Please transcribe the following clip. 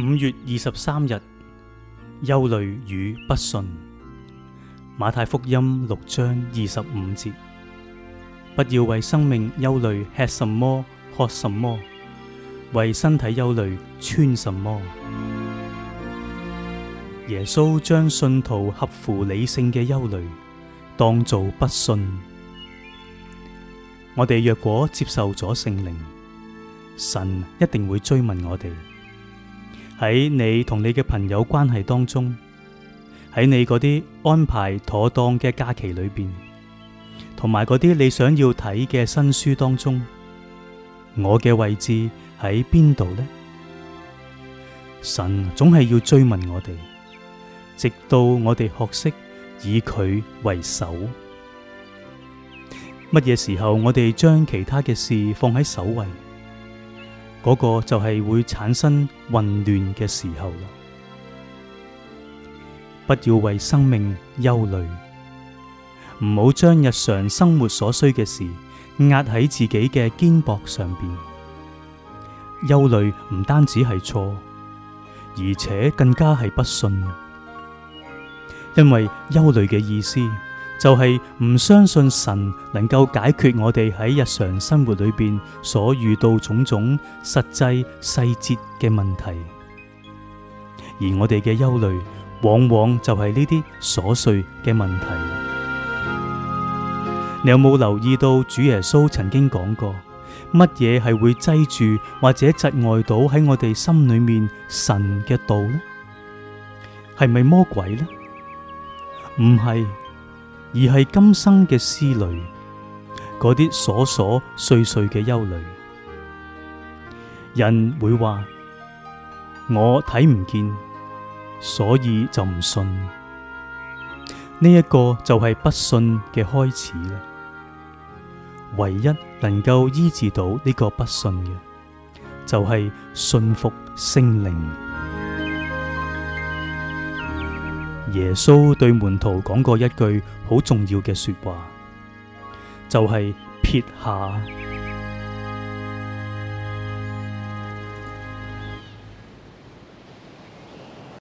五月二十三日，憂慮與不信。馬太福音六章二十五節：不要為生命憂慮，吃什麼，喝什麼；為身體憂慮，穿什麼。耶穌將信徒合乎理性嘅憂慮當做不信。我哋若果接受咗聖靈，神一定會追問我哋。喺你同你嘅朋友關係當中，喺你嗰啲安排妥當嘅假期裏邊，同埋嗰啲你想要睇嘅新書當中，我嘅位置喺邊度呢？神總係要追問我哋，直到我哋學識以佢為首。乜嘢時候我哋將其他嘅事放喺首位？嗰個就係會產生混亂嘅時候啦。不要為生命憂慮，唔好將日常生活所需嘅事壓喺自己嘅肩膊上邊。憂慮唔單止係錯，而且更加係不信。因為憂慮嘅意思，就係唔相信神能夠解決我哋喺日常生活裏面所遇到種種實際細節嘅問題，而我哋嘅憂慮往往就係呢啲瑣碎嘅問題。你有冇留意到主耶穌曾經講過，乜嘢係會擠住或者窒礙到喺我哋心裏面神嘅道呢？係咪魔鬼呢？唔係。而係今生嘅思慮，嗰啲瑣瑣碎碎嘅憂慮，人會話我睇唔見，所以就唔信。呢、這、一個就係不信嘅開始啦。唯一能夠醫治到呢個不信嘅，就係、是、信服聖靈。耶穌對門徒講過一句好重要嘅說話，就係撇下。